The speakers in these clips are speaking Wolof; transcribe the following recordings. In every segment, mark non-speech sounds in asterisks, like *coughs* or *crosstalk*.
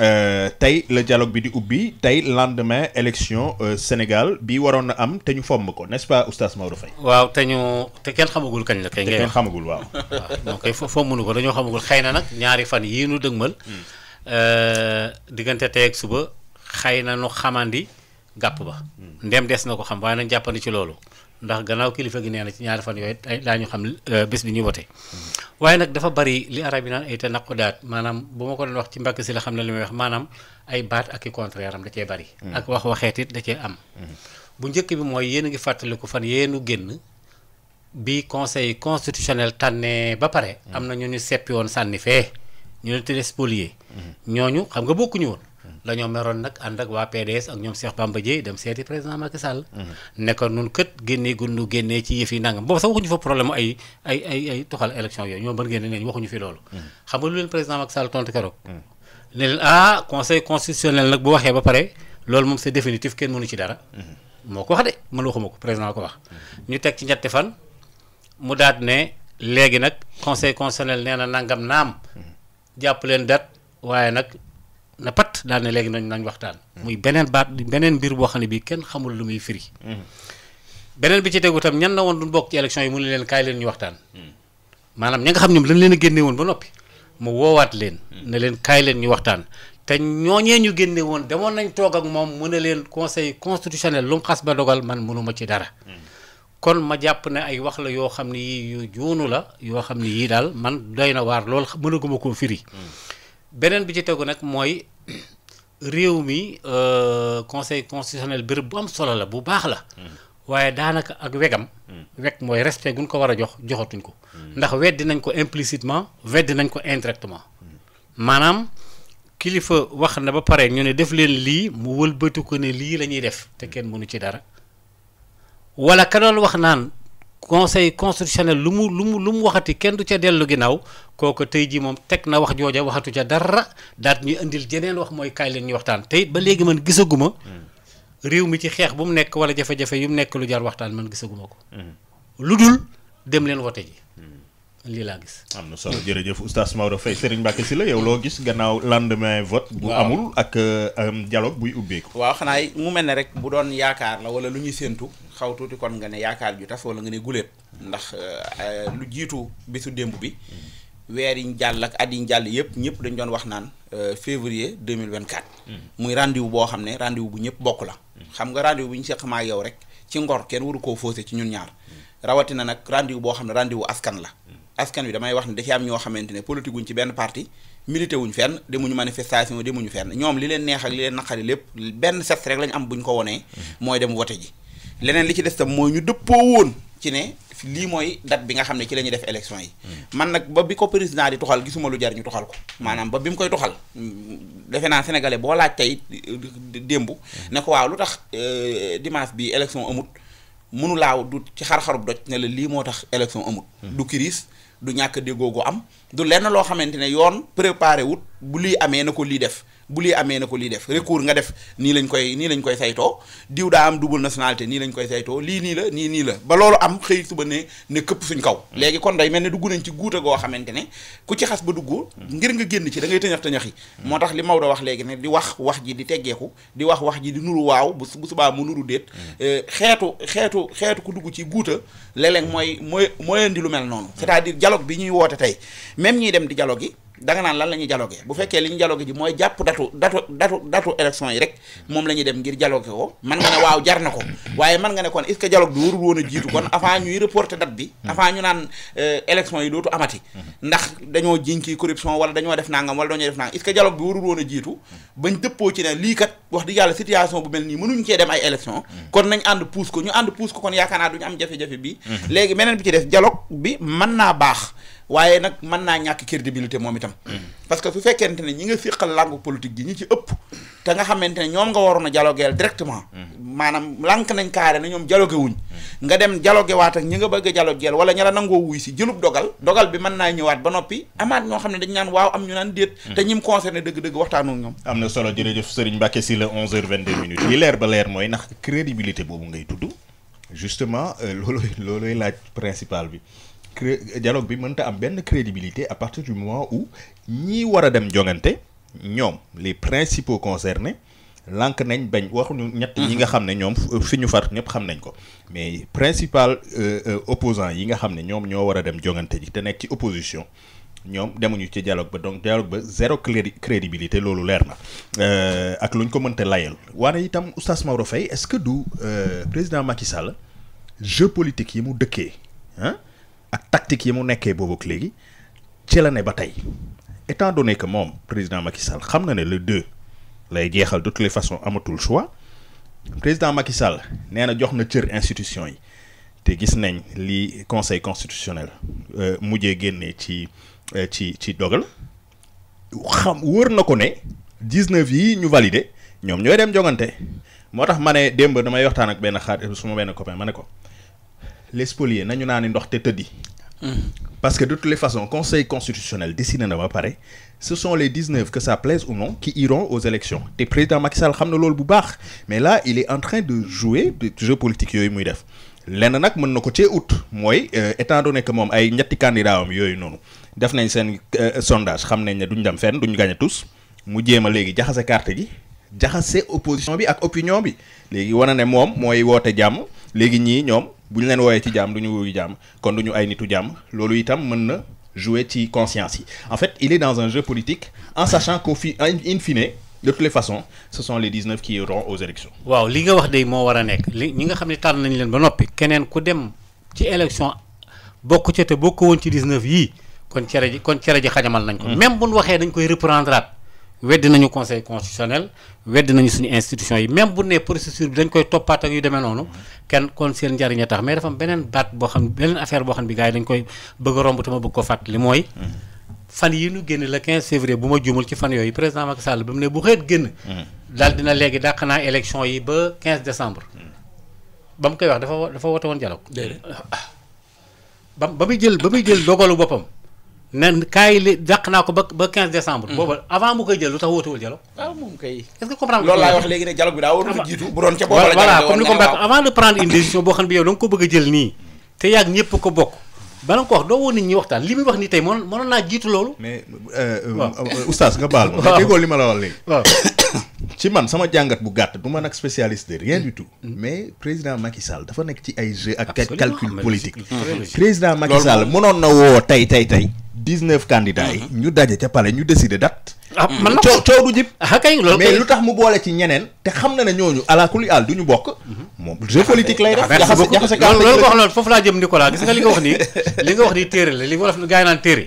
Euh, tey la dialogue bi di ubbi tey lendemain élection euh, Sénégal bi waroon na am te ñu fomm ko n'est-ce pas oustaz Maodo Faye waaw te ñu te kenn xamagul kañ la kenn xamagul waaw. *laughs* waaw donc fommunu ko dañoo xamagul xëy na nag ñaari fan yii nu dëgmal. Hmm. Euh, diggante tey ak suba xëy na nu xamandi gàpp ba. Hmm. ndem des na ko xam waaye nañ jàppandi ci loolu. ndax gannaaw kilifa gi nee na ci ñaari fan yooyu daañu xam euh, bés bi ñuy wote waaye nag dafa bari li arab yi naan ay tanaqudaat maanaam bu ma ko doon wax ci mbàkk si la xam ne li may wax maanaam ay baat ak i am da cee bari. Mm. ak wax waxeet it da cee am. Mm-hmm. bu njëkk bi mooy yéen a ngi fàttaliku fan yéenu génn bi conseil constitutionnel tànnee ba pare. Mm. am na ñu ñu seppi woon sànni fee ñu ne te spolié. ñooñu xam nga bokkuñu woon. dañoo meroon nag ànd ak waa PDS ak ñoom Cheikh Bamba dem seeti président Macky Sall. Mhm. nun kët génnee gundu génnee ci yëf yi nangam boobu sax waxuñu fa problème ay ay ay toxal élection yooyu ñoom bën génne nañ waxuñu fi loolu. Mhm. xam lu leen président Macky Sall tontu mhm. leen ah conseil constitutionnel nag bu waxee ba pare loolu moom c'est définitif kenn mënu ci dara. moo ko wax de man waxuma ko président ko wax. ñu teg ci ñetti fan mu na nangam naam. jàpp na pat daal ne léegi nañ nañ waxtaan. Hmm. muy beneen baat beneen mbir boo xam ne bii kenn xamul lu muy firi. Hmm. beneen bi ci tegu tam ñan na woon duñ bokk ci élection yi mu ne leen kaay leen ñu waxtaan. Hmm. maanaam ña nga xam ñoom lañ leen a génne woon ba noppi mu woowaat leen. ne leen ñu waxtaan. te ñooñee ñu génne woon demoon nañ toog ak moom mu ne leen conseil constitutionnel lu mu xas ba dogal man mënuma ci dara. kon ma jàpp ne ay wax la yoo xam ne yii yu joonu la yoo xam ne yii daal man doy na waar lool mënaguma koo firi. beneen bi ci tegu nag mooy réew mi euh, conseil constitutionnel béréb bu am solo la bu baax la. Mm. waaye daanaka ak wegam. Mm. wek mooy respect gu ko war a jox joxatuñ ko. Mm. ndax weddi nañ ko implicitement weddi nañ ko indirectement. maanaam kilifa wax na ba pare ñu ne def leen lii mu wëlbatu ko ne lii la ñuy def te kenn mënu ci dara. wala ka doon wax naan conseil constitutionnel lu mu lu mu lu mu waxati kenn du ca dellu ginnaaw kooku tey jii moom teg na wax jooja waxatu ca dara daat ñuy indil jeneen wax mooy kaay leen ñu waxtaan tey ba léegi man gisaguma réew mi ci xeex bu mu nekk wala jafe-jafe yu mu nekk lu jar waxtaan man gisaguma ko mm. lu dul dem leen wote ji lii laa gis. am na solo jërëjëf oustaz Maodo Faye Serigne Mbacke Sylla yow loo gis gannaaw lendemain vote. bu amul ak euh, dialogue buy ubbeeku. waaw xanaa mu mel ne rek bu doon yaakaar la wala lu ñuy séentu xaw tuuti kon nga ne yaakaar ju tas wala nga ne guléet ndax euh, euh, lu jiitu bisu démb bi. Mm. weer yiñ jàll ak at yiñ jàll yëpp ñëpp dañ doon wax naan février 2024 mm. muy rendez-vous boo xam ne rendez bu ñëpp bokk la mm. xam nga rendez bu ñu seq maa yow rek ci ngor kenn waru koo fausser ci ñun ñaar rawatina nag rendez boo xam ne rendez-vous askan la askan wi damay wax ne da am ñoo xamante ne politique wuñ ci benn parti milité wuñ fenn demuñu manifestation demuñu fenn ñoom li leen neex ak li leen naqari lépp benn set rek lañ am bu ñu ko wonee mhm. mooy dem wote ji leneen li ci des tam mooy ñu dëppoo woon ci ne lii mooy date bi nga xam ne ci la ñuy def élection yi mhm. man nag ba bi ko président di toxal gisuma lu jar ñu toxal ko maanaam ba bi mu koy toxal defe naa sénégalais boo laaj tey démb mhm. ne ko waaw lu tax euh, dimanche bi élection amut mënu laaw du ci xar-xarub doj ne lii moo tax élection amul. Hmm. du kiris du ñàkk déggoo gu am. du lenn loo xamante ne yoon préparé wut bu lii amee na ko lii def. bu lii amee na ko lii def recours nga def nii lañ koy nii lañ koy saytoo diw daa am double nationalité nii lañ koy saytoo lii nii la nii nii la ba loolu am xëy suba ne ne këpp suñ kaw mm. léegi kon day mel ne dugg nañ ci guuta goo xamante ne ku ci xas ba dugg mm. ngir nga génn ci da ngay tëñax tëñax yi mm. moo tax li Maodo wax léegi ne di wax wax ji di teggeeku di wax wax di nuru waaw bu bu subaa mu nuru déet euh, xeetu xeetu xeetu ku dugg ci guuta léeg-léeg mooy mooy mooy indi lu mel noonu c'est-à-dire dialogue bi ñuy woote tey même ñiy dem di dialogue yi danga naan lan la ñuy dialogué bu fekkee li ñu dialogué ji mooy jàpp datu datu datu datu yi rek moom la ñuy dem ngir dialogué ko man nga ne waaw jar na ko waaye man nga ne kon est-ce bi warul woon a jiitu kon avant ñuy reporter date bi hmm. avant ñu naan euh, amati hmm. ndax dañoo jiñ kii corruption wala wala dañoo def nangam est-ce que dialogue bi warul woon a jiitu hmm. bañ dëppoo ci ne lii kat wax dëgg yàlla situation bu mel nii mënuñ cee dem ay élection kon nañ ànd pousse ko ñu ànd pousse ko kon yaakaar naa duñu am jafe-jafe bi léegi meneen bi ci def dialogue bi man naa baax waaye nag mën naa ñàkk crédibilité moom itam parce que su fekkente ne ñi nga fiqal langue politique gi ñi ci ëpp te nga xamante ne ñoom nga waroon a dialogueel directement maanaam lànk nañ kaare na ñoom dialogué wuñ nga dem dialogué waat ak ñi nga bëgg a dialogueel wala ña la nangoo wuy si jëlub dogal dogal bi mën naa ñëwaat ba noppi amaat ñoo xam ne dañ naan waaw am ñu naan déet te ñim concerné dëgg-dëgg waxtaanu ñoom am na solo jërëjëf Serigne Mbacké Sylla 11h22 minutes li leer ba leer mooy ndax crédibilité boobu ngay tudd justement euh, loolooy loolooy laaj principal bi dialogue bi mënta am benn crédibilité à partir du moment où ñii war a dem jongante ñoom li principaux concernés lank nañ bañ waxuñu ñett ñi nga xam ne ñoom fi ñu far ñëpp xam nañ ko mais principal euh, euh, opposant yi nga xam ne ñoom ñoo war a dem jongante ji te nekk ci opposition ñoom demuñu ci dialogue ba donc dialogue ba zéro crédibilité loolu leer na euh, ak lu luñ ko mënta layal waane itam oustaz Maodo Faye est-ce que du président Macky Sall jeu politique yi mu dëkkee ah ak tactique yi mu nekkee boobu léegi ci la ne ba tey étant donné que moom président Macky Sall xam na ne le deux lay jeexal de toutes les façons amatul choix président Macky Sall nee na jox na cër institution yi te gis nañ li conseil constitutionnel euh, mujjee génnee ci euh, ci ci dogal xam wóor na ko ne dix-neuf yi ñu validé ñoom ñooy dem jongante moo tax ma ne démb damay waxtaan ak benn xaar suma benn copain ma ne ko. les spoliés nañu naa ni ndox te tëddi. Mm. parce que de toutes les façons conseil constitutionnel décidé na ba pare ce sont les dix neuf que ça plaise ou non qui iront aux élections te président Macky xam na lool bu baax mais la il est en train de jouer de jeu politique yooyu muy def lenn nag mën na ko cee ut mooy euh, état donné que moom ay ñetti candidat yooyu noonu def nañ seen euh, sondage xam nañ ne duñ dem fen duñ gagné tous mu jéem a léegi jaxase carte gi jaxase opposition bi ak opinion bi léegi wane ne moom mooy woote jàmm léegi ñii ñoom. bu ñu leen wooyee ci jàmm du ñu wuyu jàmm kon du ñu ay nitu jàmm loolu itam mën na jouer ci conscience yi en fait il est dans un jeu politique en sachant qu'au fi in fine de toutes les façons ce sont les 19 qui iront aux élections waaw li nga wax de moo war a nekk li ñi nga xam ne tànn nañ leen ba noppi keneen ku dem ci élection bokk ca te bokk woon ci 19 yii kon cere ji kon cere ji xajamal nañ ko hmm. même buñ waxee dañ koy reprendre wedd nañu conseil constitutionnel wedd nañu suñu institution yi même bu ne procédure bi dañ koy toppaat ak yu demee noonu kenn kon seen njariñ a tax mais dafa am beneen baat boo xam beneen affaire boo xam bi gars yi dañ koy bëgg a romb te ma bëgg ko fàttali mooy. fan yi ñu génn le 15 février bu ma juumul ci fan yooyu président Macky Sall ba mu ne bu xeet génn. daal dina léegi dàq naa élection yi ba 15 décembre. ba mu koy wax dafa dafa woote woon dialogue. ba muy jël ba muy jël dogalu boppam. nen kaay li dàq naa ko ba ba 15 décembre. Mm. booba avant mu jël lu tax wóotuwul dialogue. waaw ah, moom kay. est-ce bi daa waroon a jiitu comme ni ko mbaa avant de ko bokk ko wax doo woon nit ñi waxtaan li muy wax ni tey mënoon mënoon naa jiitu loolu. mais euh, euh, euh, oustaz nga baal ma. li ma la wax léegi. *coughs* man sama jàngat bu gàtt du ma nag spécialiste de rien du tout. Mm. mais président dafa nekk ci ay jeu ak calcul politique. président Macky Sall mënoon na woo tey tey tey dix neuf candidats yi. Mhm. ñu daje ca pale ñu décider date. ah mm. man la coow coow du jib. ah kay loolu mais lu tax mu boole ci ñeneen. te xam na ne ñooñu ala kulli aal du ñu bokk. Mhm. moom jeu politique lay ah, def. jaxase jaxase kàddu loolu ko wax loolu foofu laa jëm Nicolas gis nga li nga wax nii *laughs* li nga wax nii téere li wolof gaa yi naan téere.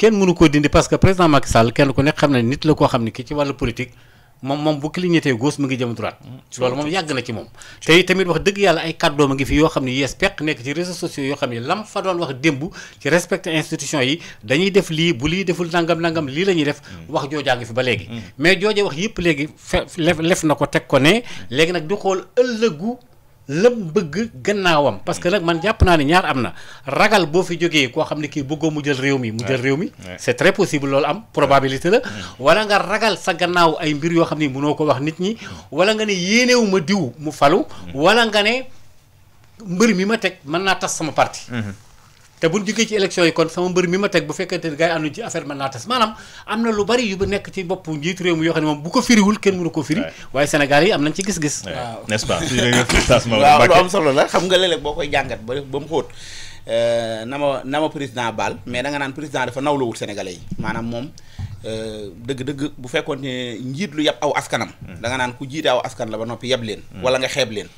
kenn mënu ko dindi parce que président Macky Sall kenn ku nekk xam na nit la koo xam ne kii ci wàllu politique moom moom bu clignoté gos mu ngi jëm droite mm-hmm. loolu moom yàgg na ci moom te tamit wax dëgg yàlla ay kàddoom a ngi fi yoo xam ne yees peq nekk ci réseaux sociaux yoo xam ne lam fa doon wax démb ci respecté institution yi dañuy def lii bu lii deful nangam nangam lii la ñuy def mm-hmm. wax joojaa ngi fi ba léegi mm-hmm. mais jooje wax yëpp léegi lef lef na ko teg ko ne léegi nag di xool ëllëgu lam bëgg gannaawam parce que nag man jàpp naa ne ñaar am na ragal boo fi jógee koo xam ne kii bëggoo mu jël réew mi mu jël réew mi c'est très possible loolu am probabilité la wala nga ragal sa gannaaw ay mbir yoo xam ne mënoo ko wax nit ñi wala nga ne yéenewu ma diw mu falu mm. wala nga ne mbër mi ma teg mën naa tas sama parti mm-hmm. te bu ñu jógee ci élection yi kon sama mbër mi ma teg bu fekkente ne gars yi ànduñ ci affaire man naa tas maanaam am na lu bari yu ba nekk ci bopp njiitu réew mi yoo xam ne moom bu ko firiwul kenn mënu ko firi waaye Sénégal yi am nañ ci gis-gis waaw nest waaw lu am solo la xam nga léeg boo koy jàngat ba ba mu xóot euh, na ma na président baal mais da nga naan président dafa nawlawul sénégalais yi maanaam moom euh, dëgg-dëgg bu fekkoon ne njiit lu yab aw askanam hmm. da nga naan ku jiite aw askan la ba noppi yab leen hmm. wala nga xeeb leen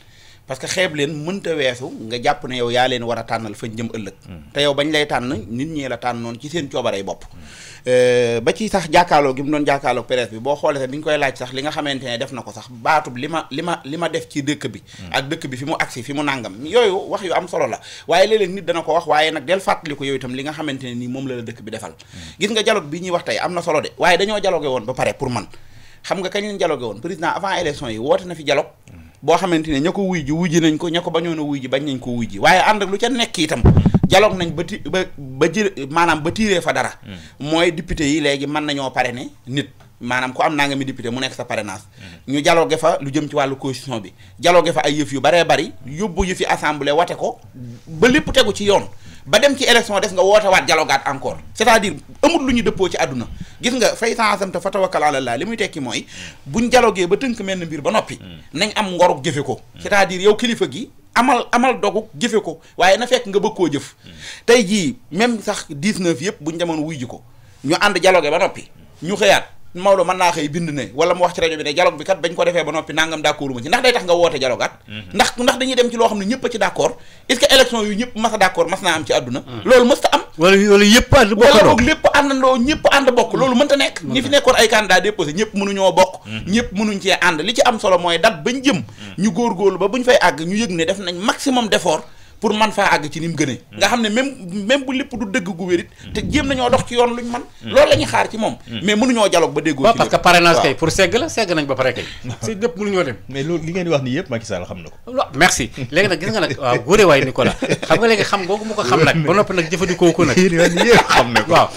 parce que xeeb leen mënta weesu nga jàpp ne yow yaa leen war a tànnal fañ jëm ëllëg mm-hmm. te yow bañ lay tànn nit ñee la tànn noonu ci seen coobarey bopp euh, ba ci sax jàkkaarloo gi mu doon jàkkaarloo presse bi boo xoolee sax bi koy laaj sax li nga xamante ne def na ko sax baatub li ma li ma def ci dëkk bi mm-hmm. ak dëkk bi fi mu agsi fi mu nàngam yooyu wax yu am solo la waaye léeg-léeg nit ko wax waaye nag del ko yow itam li nga xamante ne nii moom la la dëkk bi defal mm-hmm. nga dialogue bi ñuy wax tey am na solo de waaye dañoo dialogué woon ba pare pour man xam nga kañ leen dialogué woon président avant élection yi woote na fi dialogue boo xamante ne ña ko wuy ji wuy ji nañ ko ña ko bañoon a wuy ji bañ nañ ko wuy ji waaye ànd ak lu ca nekk itam dialogue nañ ba ti ba ba jë maanaam ba tiiree fa dara hmm. mooy député yi léegi mën nañoo ne nit maanaam ku am naa nga mi député mu nekk sa parrainage hmm. ñu dialogue fa lu jëm ci wàllu constitution bi dialogue fa ay yëf yu baree bari yóbbu yëfi assemblée wate ko ba lépp tegu ci yoon ba dem ci élection des nga wootewaat dialogaat encore c'est-à-dire amul lu ñu dëppoo ci àdduna gis nga fay sansam te fa tawakkal laa Allah li muy tekki mooy buñ jalogee ba tënk mel ni mbir ba noppi hmm. nañ am ngoruk jëfe ko hmm. c'est-à-dire yow kilifa gi amal amal dogu jëfe ko waaye na fekk nga bëgg koo jëf hmm. tey jii même sax 19 yëpp buñ demoon wuy ji ko ñu ànd jaloge ba noppi ñu xëyaat Maodo man naa xëy bind ne wala mu wax ci rajo bi ne dialogue bi kat bañ ko defee ba noppi nangam d'accord ma ci ndax day tax nga woote dialogue at mhm. ndax ndax dañuy dem ci loo xam ne ñëpp a ci d'accord est yu ñëpp mas a mas naa am ci àdduna mhm. loolu mas am wala wala yëpp bokk wala boog lépp àndandoo ànd bokk loolu mënta nekk ñi fi nekkoon ay candidat déposé ñëpp mënuñoo bokk mhm. ñëpp mënuñ cee ànd li ci am solo mooy dat bañ ba buñ fay ñu yëg ne def nañ maximum d'effort pour man faa àgg ci ni mu gënee mm. nga xam ne même même bu lépp du dëgg gu wérit mm. te jéem nañoo dox ci yoon luñ man mm. loolu la xaar ci moom mais mënuñoo dialogue ba déggoo ci parce que parrainage kay pour segg la segg nañ ba pare kay *laughs* si lépp mënuñoo dem mais loolu li ngeen di wax nii yëpp na na ko waaw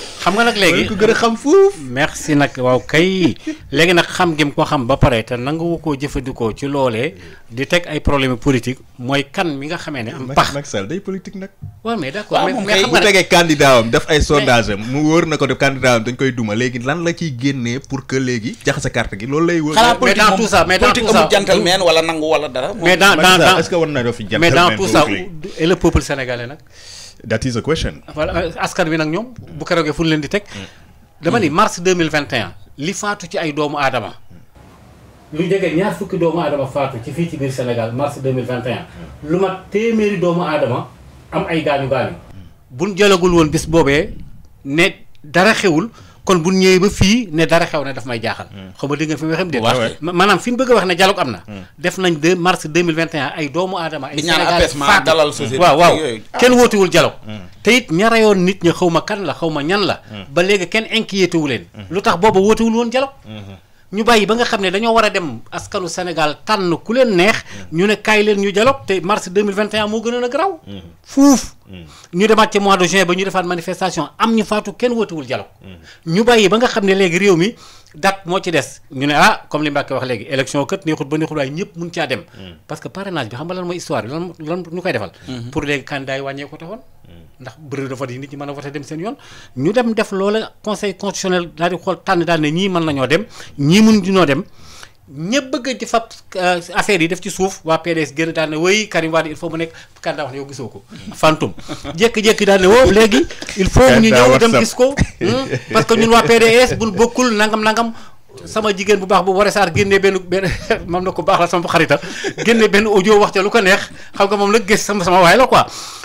gën a xam fuuf merci nag waaw kay léegi nag xam gi mu xam ba pare te nangawu koo jëfandikoo ci loolee di teg ay problème politique mooy kan mi nga xamee ne am pax Macky Sall day politique nag. waaw mais d'accord mais mais xam nga bu tegee candidat am ay sondage mu wóor na ko def candidat dañ koy duma léegi lan la ci génnee pour que léegi jaxase carte gi loolu lay. wóor mais dans tout ça mais dans tout ça politique amul gentleman wala nangu wala dara. mais dans dans ce que mais dans tout ça peuple sénégalais nag. that is a question. voilà askan wi nag ñoom. bu ko roogee fu leen di teg. Mm. dama ni mars deux vingt et un li faatu ci ay doomu aadama. lu jege ñaar fukki doomu aadama faatu ci fii ci biir Sénégal mars 2021 lu mat téeméeri doomu aadama am ay gaañu gaañu. buñ jëlagul woon bis boobee ne dara xewul kon bu ñëwee ba fii ne dara xew ne daf may jaaxal. Hmm. xaw ma dégg nga fi may xam de. maanaam fi ñu bëgg a wax ne dialogue am na. Hmm. def nañ 2 mars 2021 ay doomu aadama. ay Sénégal faatu dalal société waaw waaw kenn wootewul dialogue. Hmm. teyit it ña rayoon nit ña xaw ma kan la xaw ma ñan la. ba léegi kenn inquiété leen. lu tax booba wootewul woon dialogue. ñu bàyyi ba nga xam ne dañoo war a dem askanu Sénégal tànn ku leen neex. Mm. ñu ne kaay leen ñu dialogue te mars 2021 moo gënoon a garaaw. Mm. fuuf. ñu demaat ci mois juin ba ñu defaat manifestation am ñu faatu kenn wóotuwul dialogue. Mm. ñu bàyyi ba nga xam ne léegi réew mi date moo ci des. ñu ne ah comme li Mbacke wax léegi élection kët neexut ba neexut waaye ñëpp mun caa dem. Mm. parce que parrainage bi xam nga lan mooy histoire lan ñu koy defal. Mm-hmm. pour léegi candidat yi wàññeeku taxoon. Mm. ndax bëri na vote nit ñi mën a voté dem seen yoon ñu dem def loola conseil constitutionnel daal di xool tànn daal ne ñii mën nañoo ñëpp bëgg di fab euh, affaire yi def ci suuf waa PDS gën a daal ne wéy Karim Wade il faut mu nekk kandaa wax ne yow gisoo ko fantum jékki-jékki daal ne woo léegi il faut ñu ñëw dem gis ko hmm? parce que ñun waa PDS buñ bokkul nangam nangam sama jigéen bu baax bu Woré Sarr génnee benn benn *laughs* moom na ko baax la sama wax ca lu ko neex xam nga moom la gis sama sama waay la quoi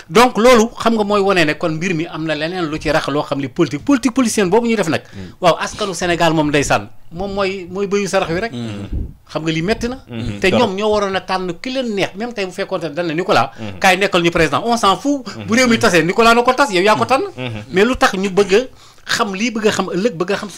donc loolu xam nga mooy wane ne kon mbir mi am na leneen lu ci rax loo xam li politique politique politicienne boobu ñu def nag hmm. waaw askanu Sénégal moom ndeysaan moom mooy mooy sa sarax wi rek hmm. xam nga li metti na hmm. te ñoom ñoo waroon a tànn ki leen neex même tey bu fekkoon ne dañ ne Nicolas kaay nekkal ñu président on s'en fout bu réew mi tasee Nicolas na ko tas yow yaa ko tax ñu bëgg a xam lii bëgg a xam ëllëg bëgg a xam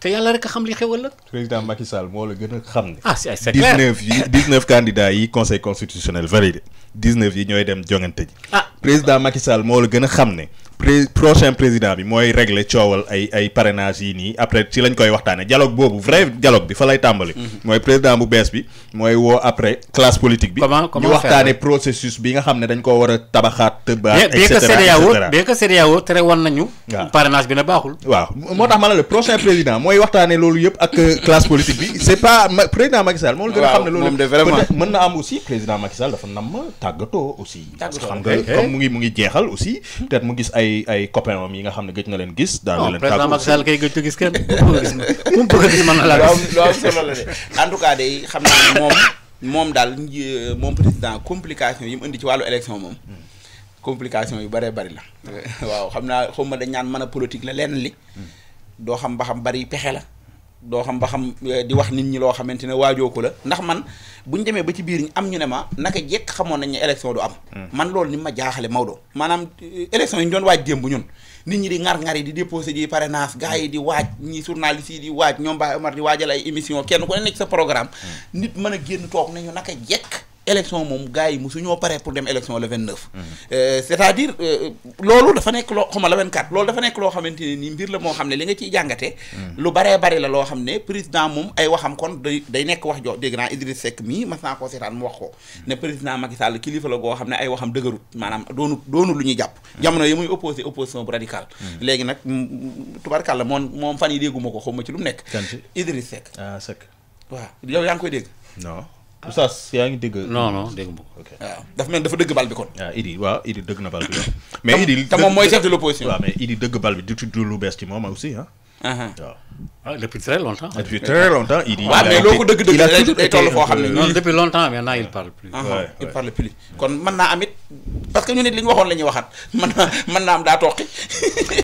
te yàlla rek xam li xew ëllëg. président Macky moo la gën a xam ne. ah c'est c'est clair yi 19 candidats yi conseil constitutionnel validé 19 yi ñooy dem jongante ji. ah président Macky Sall moo la gën a xam ne. pré prochain président bi mooy régler coowal ay ay parrainage yi nii après ci lañ koy waxtaanee dialogue boobu vrai dialogue bi fa lay tàmbali. Mhm. mooy président bu bees bi mooy woo après classe politique bi. a tabaxaat. mooy waxtaanee loolu yëpp ak euh, classe politique bi c' pas président Macky Sall. moom gën a xam ne loolu mën na am aussi président Macky dafa nam tàggatoo aussi. tàggatoo xam mu ngi mu ngi jeexal aussi hmm. peut mu gis ay ay ay copains yi nga xam ne gëj nga leen gis. daan tàggu président kay gëj ko gis kenn ku bëgg a gis a gis mën na laa gis. lu am solo la de en tout xam naa moom moom daal euh, moom président complication yi mu indi ci wàllu élection moom. complication yu bëree bëri la. waaw xam naa xaw dañ ñaan mën a politique la lenn li. Hmm. doo xam ba xam bari pexe la. doo xam ba xam eh, di wax nit ñi loo xamante ne waajoo ko la ndax man bu ñu demee ba ci biir am ñu ne ma naka jekk xamoon nañ ne élection du am. Hmm. man loolu ni ma jaaxale Maodo. maanaam eh, élection yi ñu doon waaj démb ñun nit ñi di ŋar-ŋar yi di déposé ji parrainage gars yi di waaj ñi journaliste yi di waaj ñoom Baye Omar di waajal ay émission kenn ku ne nekk sa programme. Hmm. nit mën a génn toog nañu naka jekk. élection moom gars yi mosu ñoo pare pour dem élection le 29. Euh, c'est-à-dire euh, loolu dafa nekk loo xama la 24 loolu dafa nekk loo xamante ne nii mbir la moo xam ne li nga ciy jàngate hmm. lu baree bari la loo xam ne président moom ay waxam kon day day nekk wax jox dégg naa mii mas naa ko seetaan mu wax ko hmm. ne président Macky Sall kilifa goo xam ne ay waxam dëgërut maanaam doonu doonu lu ñuy jàpp jamono yi muy opposé opposition bu radical hmm. léegi nag mm, tubarkàlla moom moom fan yi dégguma ko xaw ma ci lu mu nekk Idriss Seck ah Seck waaw yaa ngi koy dégg Oustaz yaa ngi dégg. non non dégg nga ko. waaw ah, dafa mel dafa dëgg bal bi kon. waaw ah, Idi waaw Idi dëgg na bal bi mais Idi te moom mooy chef de l'opposition. waaw mais Idi dëgg du lu bees ci moom aussi ah, ah. waaw. depuis très longtemps. depuis très day toll foo xam ne. non depuis longtemps maintenant il parle it parce que ñu nit li ñu waxoon la ñuy waxaat mën naa mën naa am daa toqi *laughs*